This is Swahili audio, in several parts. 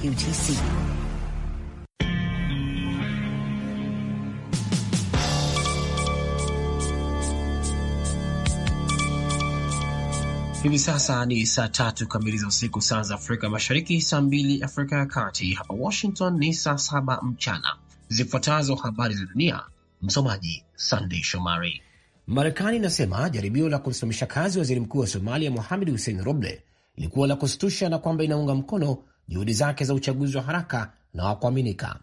UTC. Hivi sasa ni saa tatu kamili za usiku, saa za Afrika Mashariki, saa mbili Afrika ya Kati. Hapa Washington ni saa saba mchana. Zifuatazo habari za dunia, msomaji Sandey Shomari. Marekani inasema jaribio la kumsimamisha kazi waziri mkuu wa Somalia Mohamed Hussein Roble lilikuwa la kustusha na kwamba inaunga mkono juhudi zake za uchaguzi wa haraka na wa kuaminika.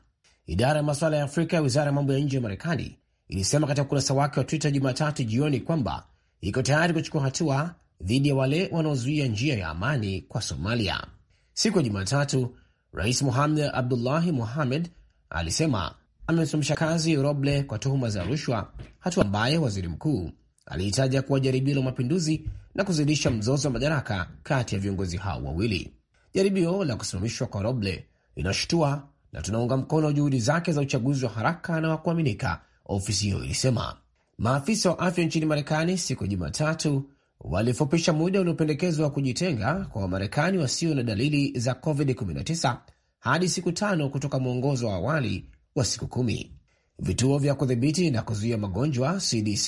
Idara ya masuala ya Afrika ya wizara ya mambo ya nje ya Marekani ilisema katika ukurasa wake wa Twitter Jumatatu jioni kwamba iko tayari kuchukua hatua dhidi ya wale wanaozuia njia ya amani kwa Somalia. Siku ya Jumatatu, Rais Muhamed Abdullahi Muhamed alisema amemsimamisha kazi Roble kwa tuhuma za rushwa, hatua ambayo waziri mkuu aliitaja kuwa jaribio la mapinduzi na kuzidisha mzozo wa madaraka kati ya viongozi hao wawili. Jaribio la kusimamishwa kwa Roble linashutua na tunaunga mkono juhudi zake za uchaguzi wa haraka na wa kuaminika, ofisi hiyo ilisema. Maafisa wa afya nchini Marekani siku ya Jumatatu walifupisha muda uliopendekezwa wa kujitenga kwa Wamarekani wasio na dalili za COVID-19 hadi siku tano kutoka mwongozo wa awali wa siku kumi. Vituo vya kudhibiti na kuzuia magonjwa CDC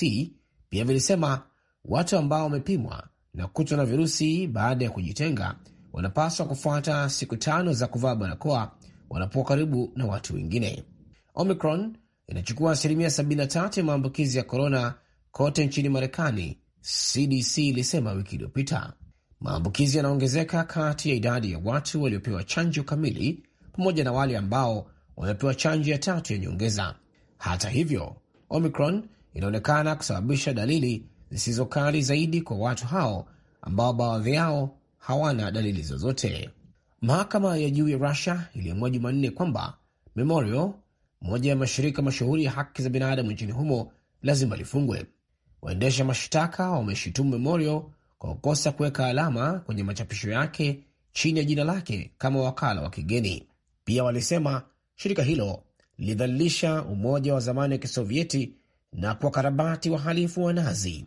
pia vilisema watu ambao wamepimwa na kutwa na virusi baada ya kujitenga wanapaswa kufuata siku tano za kuvaa barakoa wanapokuwa karibu na watu wengine. Omicron inachukua asilimia 73 ya maambukizi ya korona kote nchini Marekani, CDC ilisema wiki iliyopita. Maambukizi yanaongezeka kati ya idadi ya watu waliopewa chanjo kamili pamoja na wale ambao wamepewa chanjo ya tatu ya nyongeza. Hata hivyo, Omicron inaonekana kusababisha dalili zisizo kali zaidi kwa watu hao ambao baadhi yao hawana dalili zozote. Mahakama ya juu ya Rusia iliamua Jumanne kwamba Memorial, moja ya mashirika mashuhuri ya haki za binadamu nchini humo, lazima lifungwe. Waendesha mashtaka wameshutumu Memorial kwa kukosa kuweka alama kwenye machapisho yake chini ya jina lake kama wakala wa kigeni. Pia walisema shirika hilo lilidhalilisha umoja wa zamani wa Kisovieti na kuwakarabati wahalifu wa Nazi.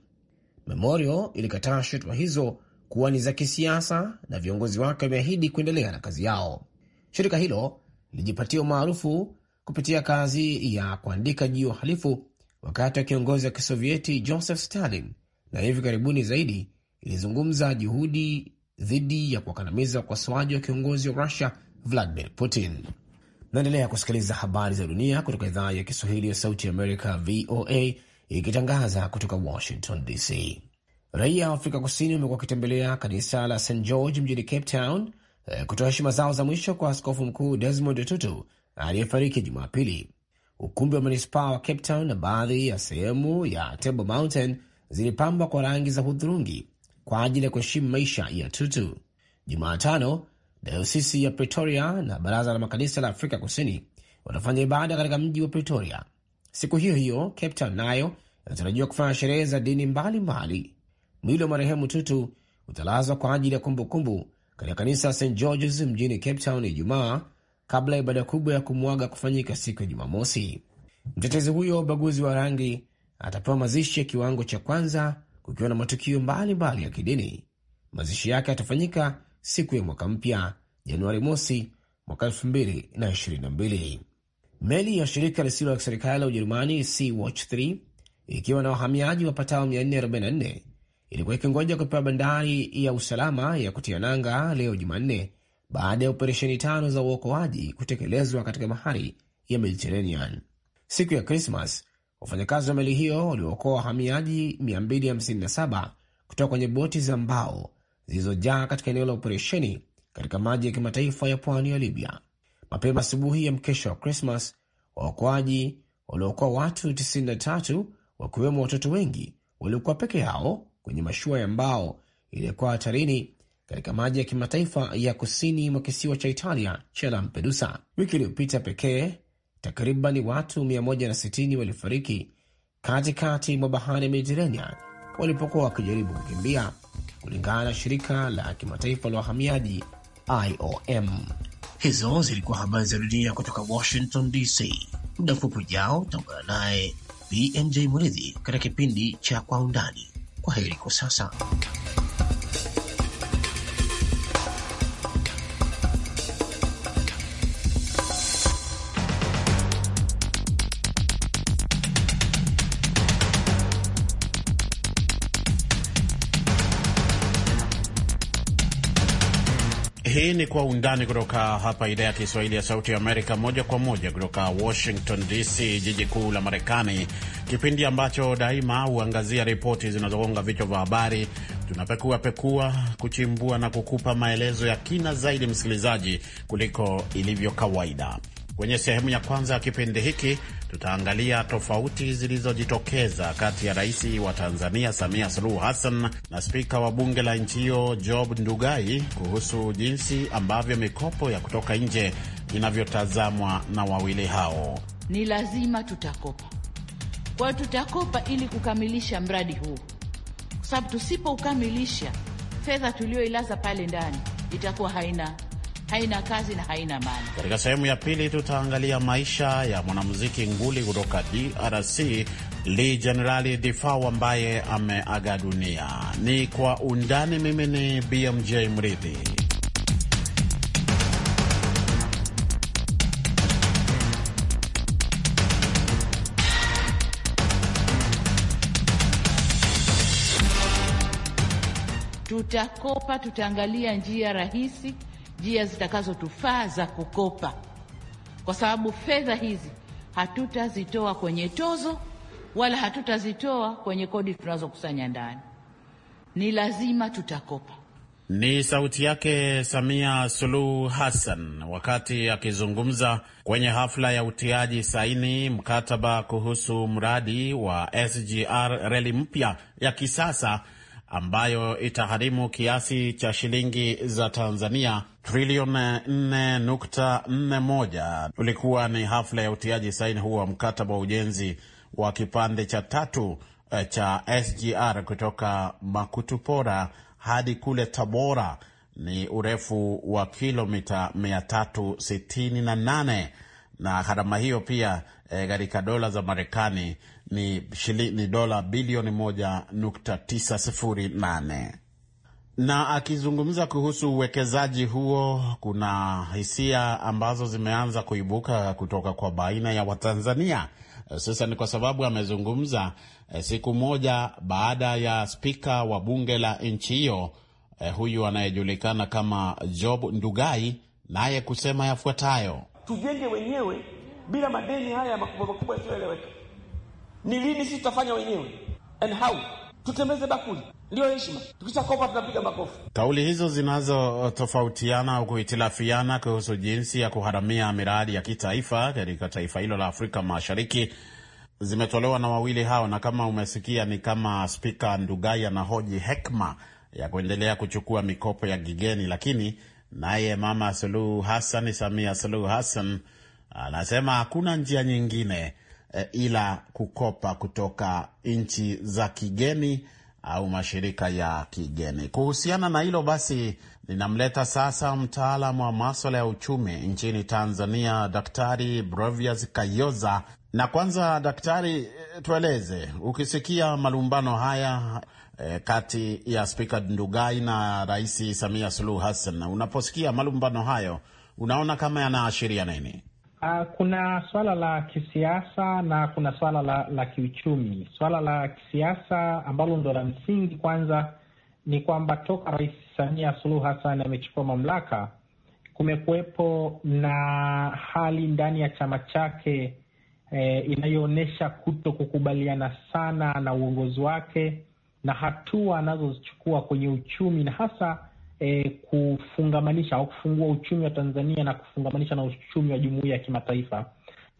Memorial ilikataa shutuma hizo kuwa ni za kisiasa na viongozi wake wameahidi kuendelea na kazi yao. Shirika hilo lilijipatia umaarufu kupitia kazi ya kuandika juu ya uhalifu wakati wa kiongozi wa kisovieti Joseph Stalin, na hivi karibuni zaidi ilizungumza juhudi dhidi ya kuwakandamiza ukosoaji wa kiongozi wa Rusia Vladimir Putin. Naendelea kusikiliza habari za dunia kutoka idhaa ya Kiswahili ya Sauti ya Amerika, VOA, ikitangaza kutoka Washington DC. Raia wa Afrika Kusini wamekuwa wakitembelea kanisa la St George mjini Cape Town eh, kutoa heshima zao za mwisho kwa askofu mkuu Desmond Tutu aliyefariki Jumapili. Ukumbi wa manispaa wa Cape Town na baadhi ya sehemu ya Table Mountain zilipambwa kwa rangi za hudhurungi kwa ajili ya kuheshimu maisha ya Tutu. Jumatano, dayosisi ya Pretoria na baraza la makanisa la Afrika Kusini wanafanya ibada katika mji wa Pretoria. Siku hiyo hiyo, Cape Town nayo inatarajiwa kufanya sherehe za dini mbalimbali mbali Mwili wa marehemu Tutu utalazwa kwa ajili ya kumbukumbu katika kanisa St Georges mjini Cape Town Ijumaa kabla ibada kubwa ya kumwaga kufanyika siku ya Jumamosi. Mtetezi huyo wa ubaguzi wa rangi atapewa mazishi ya kiwango cha kwanza kukiwa na matukio mbalimbali ya kidini. Mazishi yake yatafanyika siku ya mwaka mpya Januari mosi mwaka Meli ya shirika lisilo la kiserikali la Ujerumani Sea Watch 3 ikiwa na wahamiaji wapatao 444 ilikuwa ikingoja kupewa bandari ya usalama ya kutia nanga leo Jumanne baada ya operesheni tano za uokoaji kutekelezwa katika bahari ya Mediterranean. Siku ya Krismas, wafanyakazi wa meli hiyo waliokoa wahamiaji 257 kutoka kwenye boti za mbao zilizojaa katika eneo la operesheni katika maji ya kimataifa ya pwani ya Libya. Mapema asubuhi ya mkesha wa Krismas, waokoaji waliokoa watu 93 wakiwemo watoto wengi waliokuwa peke yao kwenye mashua ya mbao iliyokuwa hatarini katika maji ya kimataifa ya kusini mwa kisiwa cha Italia cha Lampedusa. Wiki iliyopita pekee takriban watu 160 walifariki katikati mwa bahari ya Mediterania walipokuwa wakijaribu kukimbia, kulingana na shirika la kimataifa la wahamiaji IOM. Hizo zilikuwa habari za dunia kutoka Washington DC. Muda mfupi ujao utaungana naye BMJ Muridhi katika kipindi cha Kwa Undani. Kwaheri kwa sasa. kwa undani kutoka hapa idhaa ya Kiswahili ya Sauti ya Amerika, moja kwa moja kutoka Washington DC, jiji kuu la Marekani, kipindi ambacho daima huangazia ripoti zinazogonga vichwa vya habari. Tunapekua pekua, kuchimbua na kukupa maelezo ya kina zaidi, msikilizaji, kuliko ilivyo kawaida. Kwenye sehemu ya kwanza ya kipindi hiki tutaangalia tofauti zilizojitokeza kati ya rais wa Tanzania Samia Suluhu Hassan na spika wa bunge la nchi hiyo Job Ndugai kuhusu jinsi ambavyo mikopo ya kutoka nje inavyotazamwa na wawili hao. Ni lazima tutakopa, kwa hiyo tutakopa ili kukamilisha mradi huu, kwa sababu tusipoukamilisha fedha tuliyoilaza pale ndani itakuwa haina haina kazi na haina maana. Katika sehemu ya pili tutaangalia maisha ya mwanamuziki nguli kutoka DRC Li Jenerali Difau ambaye ameaga dunia. Ni kwa undani. Mimi ni BMJ Mridhi. Tutakopa, tutaangalia njia rahisi njia zitakazotufaa za kukopa, kwa sababu fedha hizi hatutazitoa kwenye tozo wala hatutazitoa kwenye kodi tunazokusanya ndani, ni lazima tutakopa. Ni sauti yake Samia Suluhu Hassan wakati akizungumza kwenye hafla ya utiaji saini mkataba kuhusu mradi wa SGR reli mpya ya kisasa ambayo itaharimu kiasi cha shilingi za Tanzania trilioni 4.41. Ulikuwa ni hafla ya utiaji saini huo wa mkataba wa ujenzi wa kipande cha tatu eh, cha SGR kutoka Makutupora hadi kule Tabora, ni urefu wa kilomita 368 na gharama hiyo pia eh, katika e, dola za Marekani ni, ni dola bilioni 1.908. Na akizungumza kuhusu uwekezaji huo, kuna hisia ambazo zimeanza kuibuka kutoka kwa baina ya Watanzania sasa ni kwa sababu amezungumza eh, siku moja baada ya spika wa bunge la nchi hiyo eh, huyu anayejulikana kama Job Ndugai naye kusema yafuatayo: tujenge wenyewe bila madeni haya makubwa makubwa yasiyoeleweka. Ni lini sisi tutafanya wenyewe and how? Tutembeze bakuli ndiyo heshima. Tukishakopa tunapiga makofi. Kauli hizo zinazotofautiana au kuhitilafiana kuhusu jinsi ya kuharamia miradi ya kitaifa katika taifa hilo la Afrika Mashariki zimetolewa na wawili hao, na kama umesikia, ni kama Spika Ndugai anahoji hekma ya kuendelea kuchukua mikopo ya kigeni, lakini naye Mama Suluhu Hassan, Samia Suluhu Hassan anasema hakuna njia nyingine e, ila kukopa kutoka nchi za kigeni au mashirika ya kigeni. Kuhusiana na hilo basi, ninamleta sasa mtaalamu wa maswala ya uchumi nchini Tanzania, Daktari Brevias Kayoza. Na kwanza, daktari, eh, tueleze ukisikia malumbano haya e, kati ya Spika Ndugai na Rais Samia Suluhu Hassan, unaposikia malumbano hayo unaona kama yanaashiria nini? Uh, kuna swala la kisiasa na kuna swala la, la kiuchumi. Swala la kisiasa ambalo ndo la msingi kwanza ni kwamba toka Rais Samia Suluhu Hassan amechukua mamlaka, kumekuwepo na hali ndani ya chama chake eh, inayoonyesha kuto kukubaliana sana na uongozi wake na hatua anazozichukua kwenye uchumi na hasa e, kufungamanisha au kufungua uchumi wa Tanzania na kufungamanisha na uchumi wa jumuiya ya kimataifa.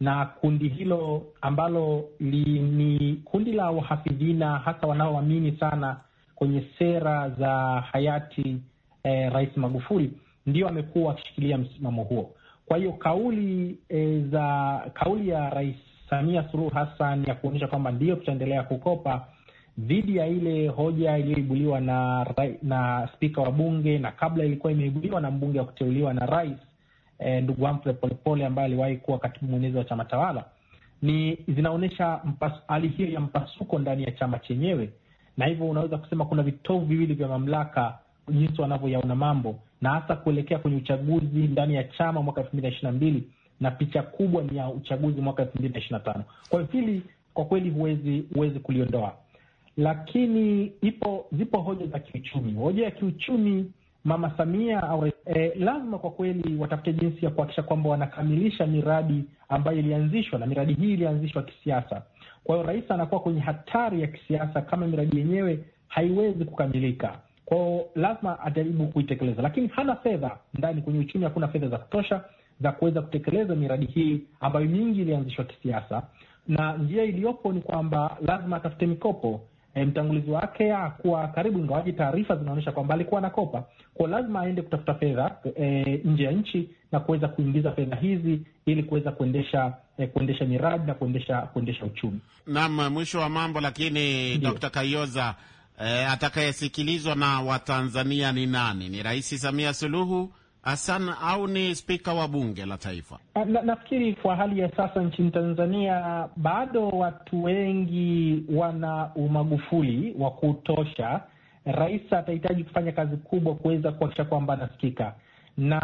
Na kundi hilo ambalo li, ni kundi la wahafidhina hasa wanaoamini sana kwenye sera za hayati e, Rais Magufuli ndio amekuwa akishikilia msimamo huo. Kwa hiyo kauli e, za kauli ya Rais Samia Suluhu Hassan ya kuonyesha kwamba ndio tutaendelea kukopa dhidi ya ile hoja iliyoibuliwa na na spika wa bunge na kabla ilikuwa imeibuliwa na mbunge wa kuteuliwa na rais e, ndugu Humphrey Polepole ambaye aliwahi kuwa katibu mwenezi wa chama tawala, ni zinaonyesha hali hiyo ya mpasuko ndani ya chama chenyewe, na hivyo unaweza kusema kuna vitovu viwili vya mamlaka jinsi wanavyoyaona mambo, na hasa kuelekea kwenye uchaguzi ndani ya chama mwaka elfu mbili na ishirini na mbili na picha kubwa ni ya uchaguzi mwaka elfu mbili na ishirini na tano. Kwa hiyo hili kwa kweli huwezi huwezi kuliondoa lakini ipo zipo hoja za kiuchumi. Hoja ya kiuchumi Mama Samia au e, lazima kwa kweli watafute jinsi ya kuhakikisha kwamba wanakamilisha miradi ambayo ilianzishwa, na miradi hii ilianzishwa kisiasa. Kwa hiyo rais anakuwa kwenye hatari ya kisiasa kama miradi yenyewe haiwezi kukamilika. Kwa hiyo lazima ajaribu kuitekeleza, lakini hana fedha ndani. Kwenye uchumi hakuna fedha za kutosha za kuweza kutekeleza miradi hii ambayo mingi ilianzishwa kisiasa, na njia iliyopo ni kwamba lazima atafute mikopo e, mtangulizi wake akuwa karibu, ingawaji taarifa zinaonyesha kwamba alikuwa anakopa, kwa lazima aende kutafuta fedha e, nje ya nchi na kuweza kuingiza fedha hizi ili kuweza kuendesha e, kuendesha miradi na kuendesha kuendesha uchumi. Naam, mwisho wa mambo. Lakini Dkt. Kayoza, e, atakayesikilizwa na Watanzania ni nani? Ni Rais Samia Suluhu Hassan au ni spika wa bunge la taifa? Na, nafikiri kwa hali ya sasa nchini Tanzania bado watu wengi wana umagufuli wa kutosha. Rais atahitaji kufanya kazi kubwa kuweza kuhakikisha kwamba anasikika, na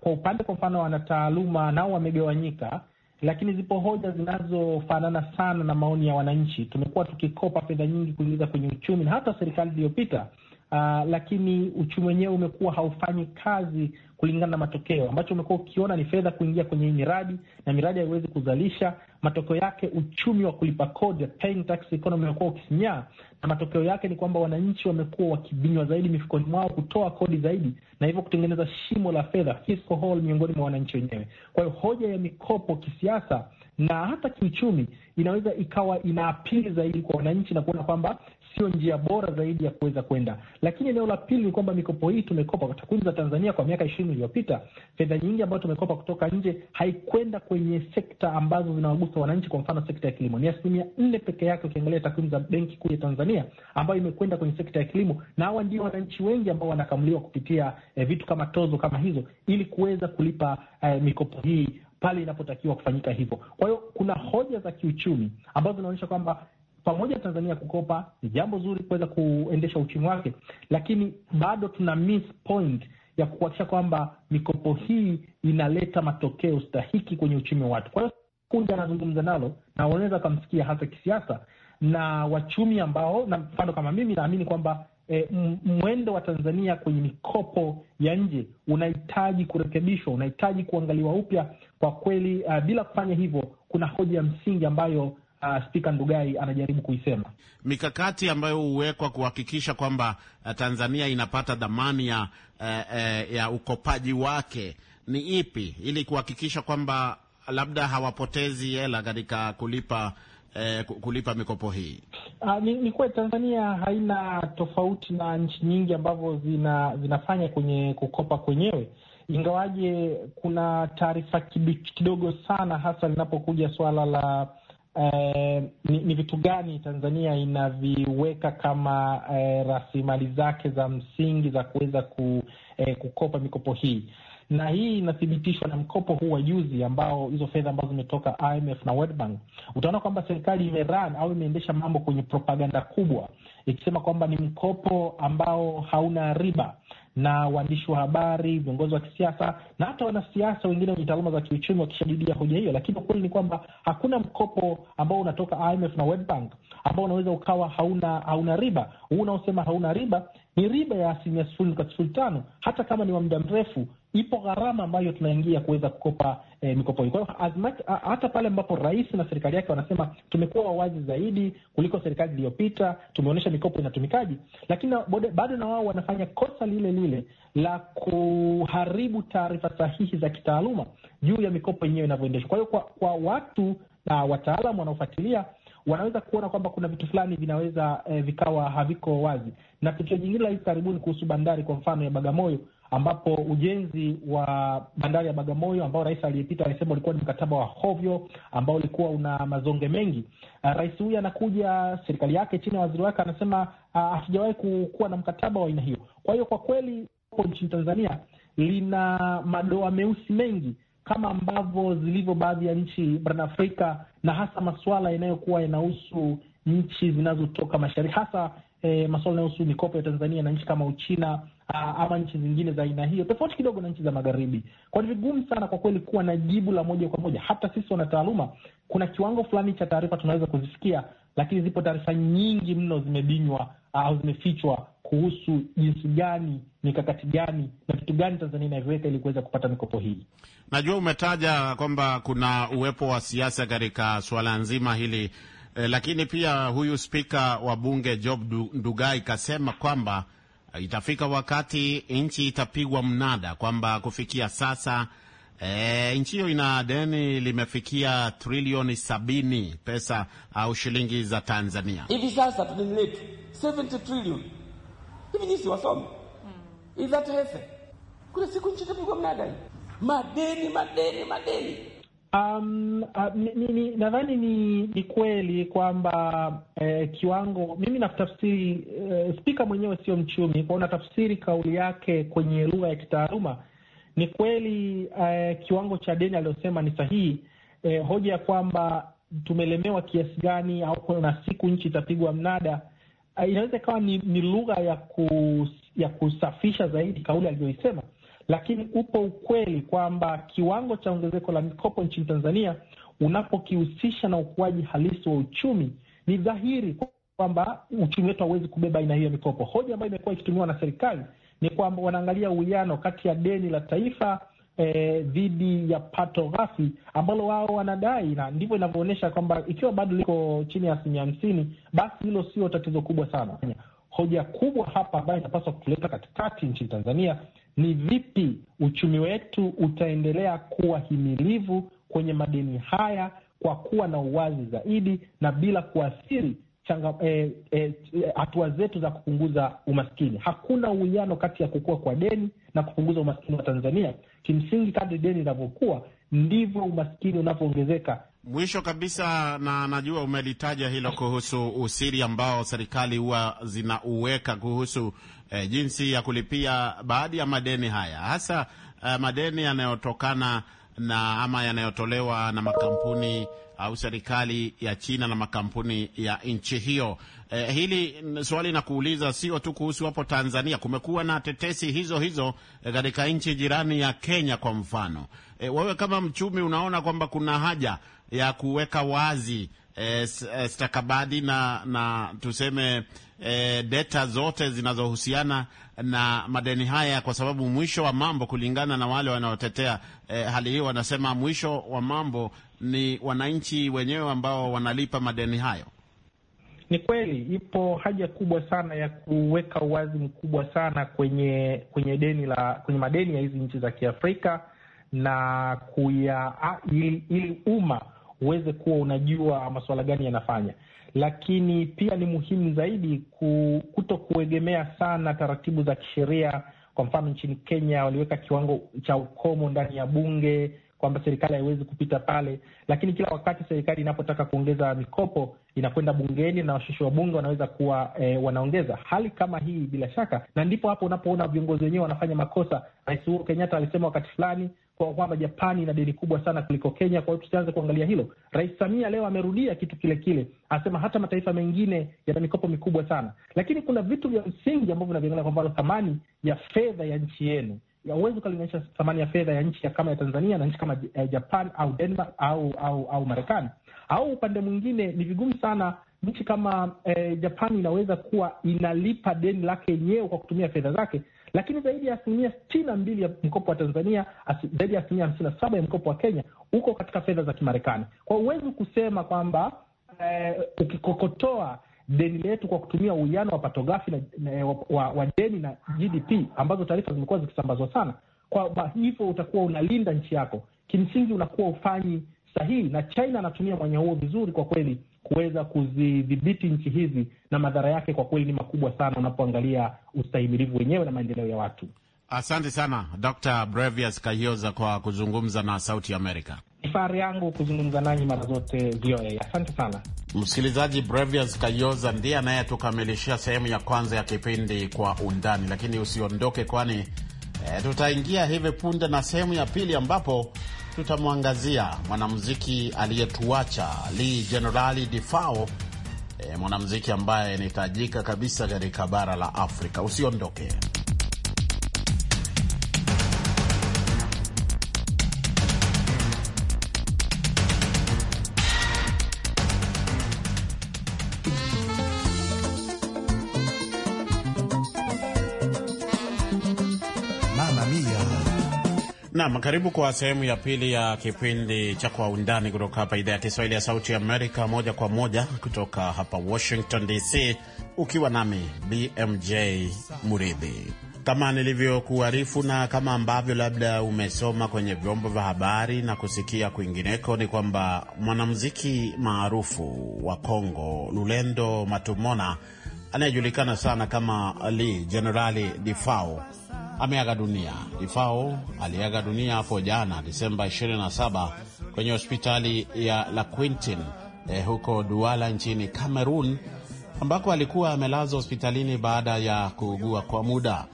kwa upande kwa mfano wanataaluma nao wamegawanyika, lakini zipo hoja zinazofanana sana na maoni ya wananchi. Tumekuwa tukikopa fedha nyingi kuingiza kwenye uchumi na hata serikali iliyopita uh, lakini uchumi wenyewe umekuwa haufanyi kazi kulingana na matokeo. Ambacho umekuwa ukiona ni fedha kuingia kwenye hii miradi na miradi haiwezi kuzalisha. Matokeo yake uchumi wa kulipa kodi, paying tax economy, umekuwa ukisinyaa, na matokeo yake ni kwamba wananchi wamekuwa wakibinywa zaidi mifukoni mwao kutoa kodi zaidi, na hivyo kutengeneza shimo la fedha, fiscal hole, miongoni mwa wananchi wenyewe. Kwa hiyo hoja ya mikopo kisiasa na hata kiuchumi inaweza ikawa inaapili zaidi kwa wananchi na kuona kwamba sio njia bora zaidi ya kuweza kwenda. Lakini eneo la pili ni kwamba mikopo hii tumekopa, kwa takwimu za Tanzania kwa miaka ishirini iliyopita, fedha nyingi ambayo tumekopa kutoka nje haikwenda kwenye sekta ambazo zinawagusa wananchi, kwa mfano sekta ya kilimo. Ni asilimia nne peke yake ukiangalia takwimu za Benki Kuu ya Tanzania ambayo imekwenda kwenye sekta ya kilimo, na hawa ndio wananchi wengi ambao wanakamuliwa kupitia eh, vitu kama tozo kama hizo, ili kuweza kulipa eh, mikopo hii pale inapotakiwa kufanyika hivyo. Kwa hiyo kuna hoja za kiuchumi ambazo zinaonyesha kwamba pamoja na Tanzania kukopa ni jambo zuri kuweza kuendesha uchumi wake, lakini bado tuna miss point ya kuhakikisha kwamba mikopo hii inaleta matokeo stahiki kwenye uchumi wa watu. Kwa hiyo kundi anazungumza nalo na wanaweza wakamsikia hasa kisiasa na wachumi ambao, na mfano kama mimi naamini kwamba E, mwendo wa Tanzania kwenye mikopo ya nje unahitaji kurekebishwa, unahitaji kuangaliwa upya kwa kweli. Uh, bila kufanya hivyo kuna hoja ya msingi ambayo uh, ah, Spika Ndugai anajaribu kuisema, mikakati ambayo huwekwa kuhakikisha kwamba uh, Tanzania inapata dhamani ya, uh, uh, ya ukopaji wake ni ipi, ili kuhakikisha kwamba labda hawapotezi hela katika kulipa Eh, kulipa mikopo hii uh, ni, ni kweli Tanzania haina tofauti na nchi nyingi ambavyo zina, zinafanya kwenye kukopa kwenyewe, ingawaje kuna taarifa kidogo sana hasa linapokuja swala la eh, ni, ni vitu gani Tanzania inaviweka kama eh, rasilimali zake za msingi za kuweza ku, eh, kukopa mikopo hii na hii inathibitishwa na mkopo huu wa juzi ambao hizo fedha ambazo zimetoka IMF na World Bank. Utaona kwamba serikali imeran au imeendesha mambo kwenye propaganda kubwa ikisema kwamba ni mkopo ambao hauna riba, na waandishi wa habari, viongozi wa kisiasa na hata wanasiasa wengine wenye taaluma za kiuchumi wakishadidia hoja hiyo. Lakini ukweli ni kwamba hakuna mkopo ambao unatoka IMF na World Bank ambao unaweza ukawa hauna hauna riba. Huu unaosema hauna riba ni riba ya asilimia sifuri nukta sifuri tano, hata kama ni wa muda mrefu ipo gharama ambayo tunaingia kuweza kukopa e, mikopo hii. Kwa hiyo hata pale ambapo rais na serikali yake wanasema tumekuwa wawazi zaidi kuliko serikali iliyopita, tumeonyesha mikopo inatumikaji, lakini bado na wao wanafanya kosa lile lile la kuharibu taarifa sahihi za kitaaluma juu ya mikopo yenyewe inavyoendeshwa. Kwa hiyo kwa, kwa watu na wataalam wanaofuatilia wanaweza kuona kwamba kuna vitu fulani vinaweza eh, vikawa haviko wazi. Na tukio jingine la hivi karibuni kuhusu bandari kwa mfano ya Bagamoyo ambapo ujenzi wa bandari ya Bagamoyo ambao rais aliyepita alisema ulikuwa ni mkataba wa hovyo ambao ulikuwa una mazonge mengi. Uh, rais huyu anakuja, serikali yake chini ya waziri wake anasema ah, hatujawahi uh, kuwa na mkataba wa aina hiyo. Kwa hiyo kwa kweli hapo nchini Tanzania lina madoa meusi mengi kama ambavyo zilivyo baadhi ya nchi barani Afrika na hasa masuala yanayokuwa yanahusu nchi zinazotoka mashariki hasa eh, masuala yanayohusu mikopo ya Tanzania na nchi kama Uchina Uh, ama nchi zingine za aina hiyo, tofauti kidogo na nchi za magharibi. Kwa ni vigumu sana kwa kweli kuwa na jibu la moja kwa moja. Hata sisi wanataaluma, kuna kiwango fulani cha taarifa tunaweza kuzisikia, lakini zipo taarifa nyingi mno zimebinywa uh, au zimefichwa kuhusu jinsi gani, mikakati gani na kitu gani Tanzania inavyoweka ili kuweza kupata mikopo hii. Najua umetaja kwamba kuna uwepo wa siasa katika suala nzima hili eh, lakini pia huyu spika wa bunge Job Ndugai kasema kwamba itafika wakati nchi itapigwa mnada kwamba kufikia sasa e, nchi hiyo ina deni limefikia trilioni sabini pesa au shilingi za Tanzania. Hivi sasa deni letu 70 trilioni. Hivi nyinyi wasome hmm. Hivi hefe kuna siku nchi itapigwa mnada, madeni madeni madeni Um, uh, nadhani ni, ni kweli kwamba eh, kiwango mimi natafsiri eh, spika mwenyewe sio mchumi, kwa natafsiri kauli yake kwenye lugha ya kitaaluma. Ni kweli eh, kiwango cha deni aliyosema ni sahihi. Eh, hoja ya kwamba tumelemewa kiasi gani au kuna siku nchi itapigwa mnada eh, inaweza ikawa ni, ni lugha ya, kus, ya kusafisha zaidi kauli aliyoisema lakini upo ukweli kwamba kiwango cha ongezeko la mikopo nchini Tanzania unapokihusisha na ukuaji halisi wa uchumi, ni dhahiri kwamba uchumi wetu hauwezi kubeba aina hiyo ya mikopo. Hoja ambayo imekuwa ikitumiwa na serikali ni kwamba wanaangalia uwiano kati ya deni la taifa eh, dhidi e, ya pato ghafi ambalo wao wanadai, na ndivyo inavyoonyesha kwamba ikiwa bado liko chini ya asilimia hamsini, basi hilo sio tatizo kubwa sana. Hoja kubwa hapa ambayo inapaswa kutuleta katikati nchini Tanzania ni vipi uchumi wetu utaendelea kuwa himilivu kwenye madeni haya kwa kuwa na uwazi zaidi na bila kuathiri hatua eh, eh, zetu za kupunguza umaskini. Hakuna uwiano kati ya kukua kwa deni na kupunguza umaskini wa Tanzania. Kimsingi, kadri deni linavyokuwa ndivyo umaskini unavyoongezeka. Mwisho kabisa, na najua umelitaja hilo kuhusu usiri ambao serikali huwa zinauweka kuhusu eh, jinsi ya kulipia baadhi ya madeni haya hasa eh, madeni yanayotokana na ama yanayotolewa na makampuni au serikali ya China na makampuni ya nchi hiyo. Eh, hili swali na kuuliza sio tu kuhusu hapo Tanzania. Kumekuwa na tetesi hizo hizo eh, katika eh, nchi jirani ya Kenya kwa mfano. Eh, wewe kama mchumi unaona kwamba kuna haja ya kuweka wazi eh, eh stakabadhi na, na tuseme e, data zote zinazohusiana na madeni haya, kwa sababu mwisho wa mambo, kulingana na wale wanaotetea e, hali hiyo, wanasema mwisho wa mambo ni wananchi wenyewe ambao wanalipa madeni hayo. Ni kweli ipo haja kubwa sana ya kuweka uwazi mkubwa sana kwenye kwenye deni la kwenye madeni ya hizi nchi za Kiafrika na kuya ili, ili umma uweze kuwa unajua masuala gani yanafanya lakini pia ni muhimu zaidi kuto kuegemea sana taratibu za kisheria. Kwa mfano, nchini Kenya waliweka kiwango cha ukomo ndani ya bunge kwamba serikali haiwezi kupita pale, lakini kila wakati serikali inapotaka kuongeza mikopo inakwenda bungeni na washushi wa bunge wanaweza kuwa e, wanaongeza hali kama hii bila shaka, na ndipo hapo unapoona viongozi wenyewe wanafanya makosa. Rais Uhuru Kenyatta alisema wakati fulani kwa kwamba Japani ina deni kubwa sana kuliko Kenya. Kwa hiyo tusianze kuangalia hilo. Rais Samia leo amerudia kitu kile kile, asema hata mataifa mengine yana mikopo mikubwa sana, lakini kuna vitu vya msingi ambavyo vinavyoangalia, kwa mfano thamani ya fedha ya nchi yenu Huwezi ukalinganisha thamani ya fedha ya nchi ya kama ya Tanzania na nchi kama eh, Japan au Denmark au au au Marekani. Au upande mwingine, ni vigumu sana nchi kama eh, Japan inaweza kuwa inalipa deni lake yenyewe kwa kutumia fedha zake, lakini zaidi ya asilimia sitini na mbili ya mkopo wa Tanzania, zaidi ya asilimia hamsini na saba ya mkopo wa Kenya uko katika fedha za Kimarekani. Kwa hiyo huwezi kusema kwamba eh, ukikokotoa deni letu kwa kutumia uwiano wa pato na, wa, wa deni na GDP ambazo taarifa zimekuwa zikisambazwa sana, kwamba hivyo utakuwa unalinda nchi yako, kimsingi unakuwa ufanyi sahihi, na China anatumia mwanya huo vizuri kwa kweli kuweza kuzidhibiti nchi hizi, na madhara yake kwa kweli ni makubwa sana unapoangalia ustahimilivu wenyewe na maendeleo ya watu. Asante sana Dr. Brevius Kahioza kwa kuzungumza na Sauti Amerika. Fahari yangu kuzungumza nanyi mara zote VOA. Asante sana msikilizaji. Brevius Kayoza ndiye anayetukamilishia sehemu ya kwanza ya kipindi Kwa Undani, lakini usiondoke, kwani e, tutaingia hivi punde na sehemu ya pili ambapo tutamwangazia mwanamuziki aliyetuacha Lee Jenerali Difao, e, mwanamuziki ambaye ni tajika kabisa katika bara la Afrika. Usiondoke. Naam, karibu kwa sehemu ya pili ya kipindi cha Kwa Undani kutoka hapa idhaa ya Kiswahili ya Sauti Amerika, moja kwa moja kutoka hapa Washington DC, ukiwa nami BMJ Muridhi. Kama nilivyokuarifu na kama ambavyo labda umesoma kwenye vyombo vya habari na kusikia kwingineko, ni kwamba mwanamuziki maarufu wa Kongo Lulendo Matumona anayejulikana sana kama Ali Generali Difao ameaga dunia. Ifao aliaga dunia hapo jana Disemba 27 kwenye hospitali ya La Quintin eh, huko Duala nchini Cameroon ambako alikuwa amelazwa hospitalini baada ya kuugua kwa muda.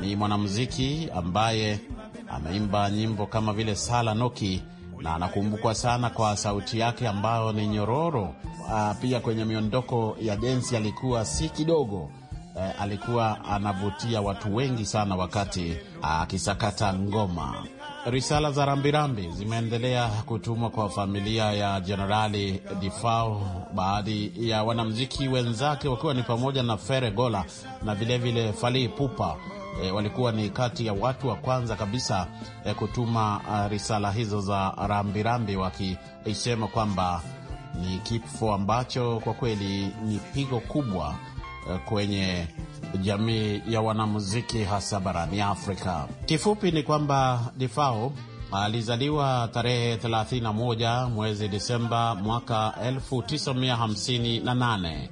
Ni mwanamuziki ambaye ameimba nyimbo kama vile Sala Noki na anakumbukwa sana kwa sauti yake ambayo ni nyororo. Ah, pia kwenye miondoko ya densi alikuwa si kidogo eh, alikuwa anavutia watu wengi sana wakati ah, akisakata ngoma. Risala za rambirambi zimeendelea kutumwa kwa familia ya Jenerali Difao, baadhi ya wanamziki wenzake wakiwa ni pamoja na Fere Gola na vilevile vile pupa E, walikuwa ni kati ya watu wa kwanza kabisa e, kutuma a, ah, risala hizo za rambirambi wakisema kwamba ni kifo ambacho kwa kweli ni pigo kubwa Eh, kwenye jamii ya wanamuziki hasa barani Afrika. Kifupi ni kwamba Difao alizaliwa tarehe 31 mwezi Disemba mwaka 1958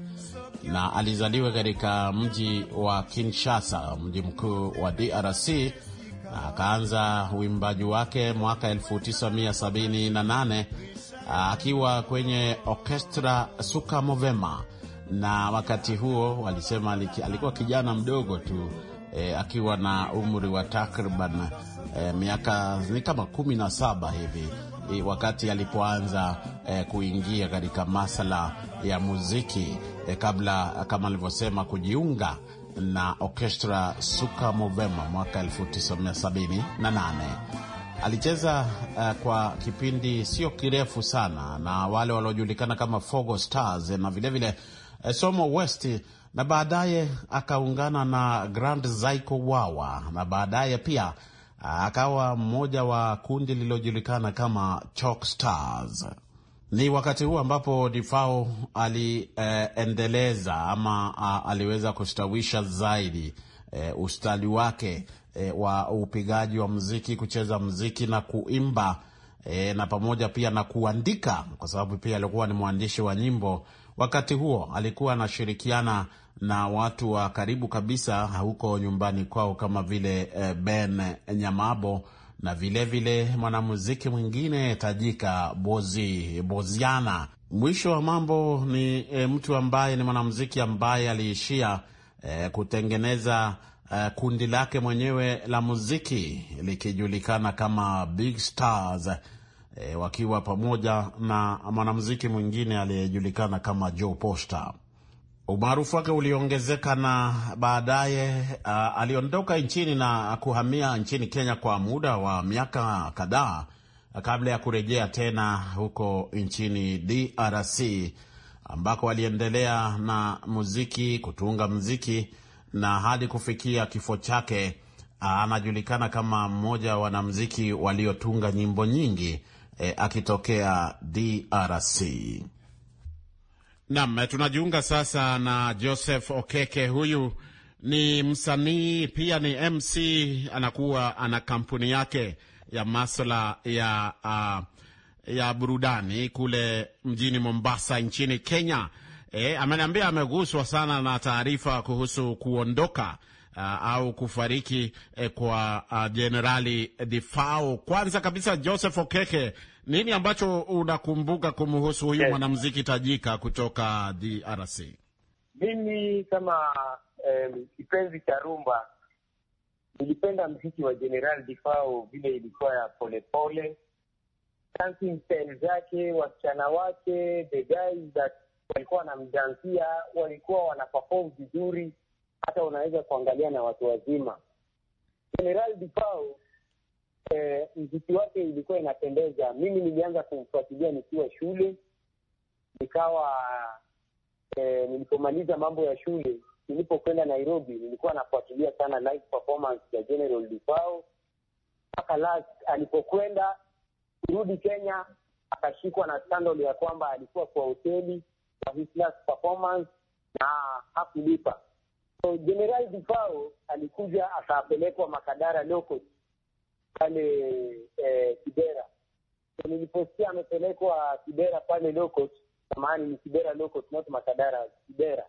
na alizaliwa katika mji wa Kinshasa, mji mkuu wa DRC, na akaanza uimbaji wake mwaka 1978 akiwa kwenye orkestra Suka Movema na wakati huo walisema alikuwa kijana mdogo tu e, akiwa na umri wa takriban e, miaka ni kama kumi na saba hivi e, wakati alipoanza e, kuingia katika masala ya muziki e, kabla kama alivyosema kujiunga na Orchestra Suka Movema mwaka 1978. Alicheza uh, kwa kipindi sio kirefu sana na wale waliojulikana kama Fogo Stars na vilevile vile Eh, Somo West na baadaye akaungana na Grand Zaiko Wawa na baadaye pia ah, akawa mmoja wa kundi lililojulikana kama Chalk Stars. Ni wakati huu ambapo Defao aliendeleza eh, ama ah, aliweza kustawisha zaidi eh, ustali wake eh, wa upigaji wa mziki, kucheza mziki na kuimba eh, na pamoja pia na kuandika, kwa sababu pia alikuwa ni mwandishi wa nyimbo Wakati huo alikuwa anashirikiana na watu wa karibu kabisa huko nyumbani kwao kama vile eh, Ben Nyamabo na vilevile mwanamuziki mwingine tajika Bozi Boziana. Mwisho wa mambo ni e, mtu ambaye ni mwanamuziki ambaye aliishia e, kutengeneza e, kundi lake mwenyewe la muziki likijulikana kama Big Stars e, wakiwa pamoja na mwanamuziki mwingine aliyejulikana kama Joe Posta. Umaarufu wake uliongezeka na baadaye uh, aliondoka nchini na kuhamia nchini Kenya kwa muda wa miaka kadhaa kabla ya kurejea tena huko nchini DRC ambako aliendelea na muziki, kutunga muziki na hadi kufikia kifo chake. Anajulikana kama mmoja wa wanamuziki waliotunga nyimbo nyingi e, akitokea DRC. Naam, eh, tunajiunga sasa na Joseph Okeke. Huyu ni msanii pia ni MC, anakuwa ana kampuni yake ya masuala ya uh, ya burudani kule mjini Mombasa nchini Kenya. E, ameniambia ameguswa sana na taarifa kuhusu kuondoka uh, au kufariki eh, kwa uh, jenerali uh, Difao. Kwanza kabisa, Joseph Okeke, nini ambacho unakumbuka kumhusu huyu yes, mwanamuziki tajika kutoka DRC? Mimi kama eh, kipenzi cha rumba nilipenda mziki wa General Difao, vile ilikuwa ya polepole dancing zake, wasichana wake, the guys that walikuwa wanamdansia walikuwa wanaperform vizuri hata unaweza kuangalia na watu wazima. General Dupau eh, mziki wake ilikuwa inapendeza. Mimi nilianza kumfuatilia nikiwa shule, nikawa eh, nilipomaliza mambo ya shule, nilipokwenda Nairobi, nilikuwa nafuatilia sana live performance ya General Dupau mpaka last alipokwenda kurudi Kenya akashikwa na sandal ya kwamba alikuwa kwa hoteli kwa his last performance na hakulipa. Jenerali Dufao alikuja akapelekwa Makadara loko pale eh, Kibera. Niliposikia amepelekwa Kibera pale loko, samahani, ni Kibera loko, not Makadara, Kibera.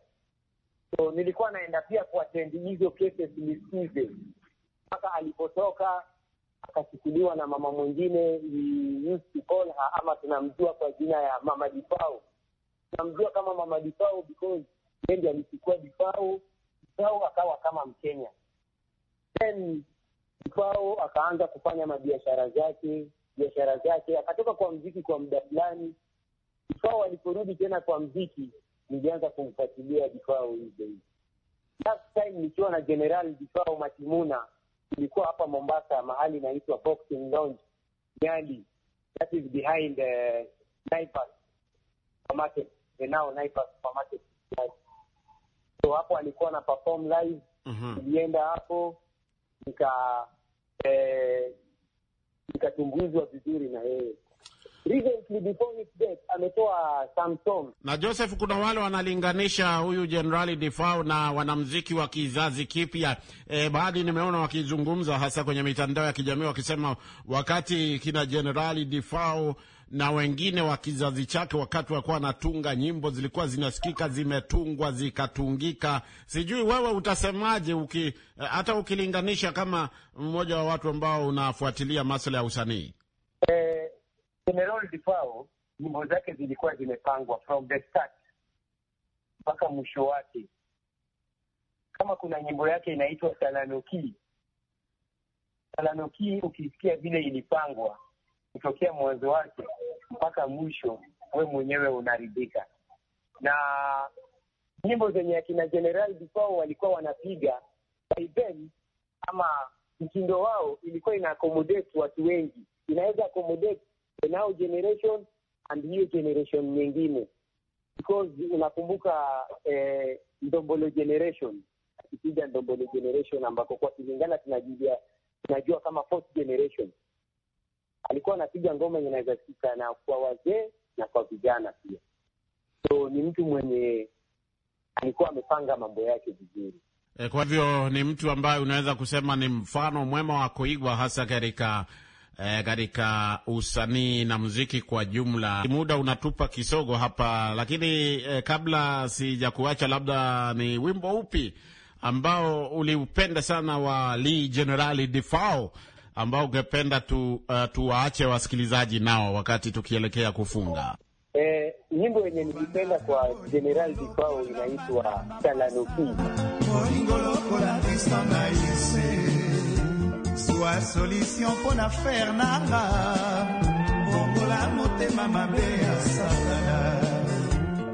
So nilikuwa naenda pia kuatendi hizo cases nisikize, mpaka alipotoka akachukuliwa na mama mwingine ha, ama tunamjua kwa jina ya mama Difau. Tunamjua kama mama Difau because yeye ndiye alichukua Difau Kipao akawa kama Mkenya. Then Kipao akaanza kufanya mabiashara zake biashara zake, akatoka kwa mziki kwa muda fulani. Kipao aliporudi tena kwa mziki, nilianza kumfuatilia Kifao hizo. Last time nikiwa na General Kipao Matimuna, ilikuwa hapa Mombasa, mahali inaitwa Boxing Lounge Nyali, that is behind uh, eh, Naipas supermarket, the now Naipas supermarket so hapo alikuwa na perform live mhm. nilienda mm -hmm. hapo nika eh, nikatunguzwa vizuri na yeye recently before his death ametoa song Na Joseph, kuna wale wanalinganisha huyu generali Defau na wanamziki wa kizazi kipya e, baadhi nimeona wakizungumza hasa kwenye mitandao ya kijamii wakisema wakati kina generali Defau na wengine wa kizazi chake, wakati walikuwa wanatunga nyimbo zilikuwa zinasikika, zimetungwa zikatungika. Sijui wewe utasemaje uki, eh, hata ukilinganisha kama mmoja wa watu ambao unafuatilia masuala ya usanii. Eh, General nyimbo zake zilikuwa zimepangwa from the start mpaka mwisho wake. Kama kuna nyimbo yake inaitwa Salanoki, Salanoki ukisikia vile ilipangwa kutokea mwanzo wake mpaka mwisho, we mwenyewe unaridhika na nyimbo zenye akina General Bipao walikuwa wanapiga by then, ama mtindo wao ilikuwa ina accommodate watu wengi, inaweza accommodate the now generation and hiyo generation nyingine, because unakumbuka eh, ndombolo generation akipiga ndombolo generation ambako kwa Kilingala tunajua kama fourth generation alikuwa anapiga ngoma yenye inaweza sika na kwa wazee na kwa vijana pia. So ni mtu mwenye alikuwa amepanga mambo yake vizuri. E, kwa hivyo ni mtu ambaye unaweza kusema ni mfano mwema wa kuigwa hasa katika E, katika usanii na muziki kwa jumla. Muda unatupa kisogo hapa, lakini e, kabla sijakuacha, labda ni wimbo upi ambao uliupenda sana wa Lee Generali Defao ambao ungependa tu, uh, tuwaache wasikilizaji nao wakati tukielekea kufunga? Eh, nyimbo yenye nilipenda kwa General Dipao inaitwa Salanoki.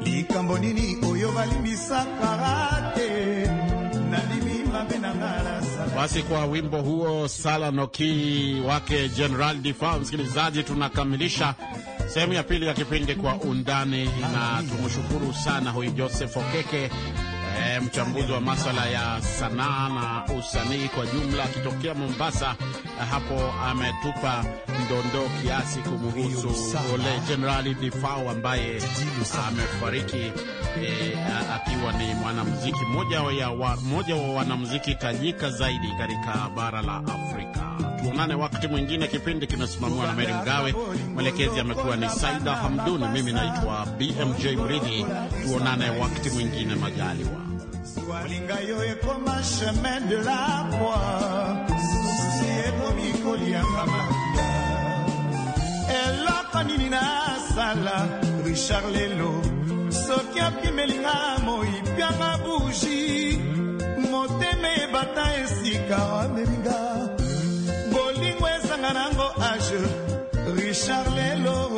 likambo nini oyo karate mabe na basi kwa wimbo huo Sala Noki wake General Difa, msikilizaji, tunakamilisha sehemu ya pili ya kipindi Kwa Undani, na tumshukuru sana huyu Joseph Okeke e, mchambuzi wa maswala ya sanaa na usanii kwa jumla, akitokea Mombasa. Eh, hapo ametupa ndondoo kiasi kumhusu Ole General Difa ambaye amefariki Eh, akiwa ni mwanamuziki mmoja wa, mmoja wa wanamuziki tajika zaidi katika bara la Afrika. Tuonane wakati mwingine. Kipindi kimesimamiwa na Meri Mgawe, mwelekezi amekuwa ni Saida Hamduni, mimi naitwa BMJ Mridhi. Tuonane wakati mwingine majaliwa. Richard Lelo soki apimelinga moipianga bushi motema ebata esika amelinga bolingo ezanga nango age richard lelo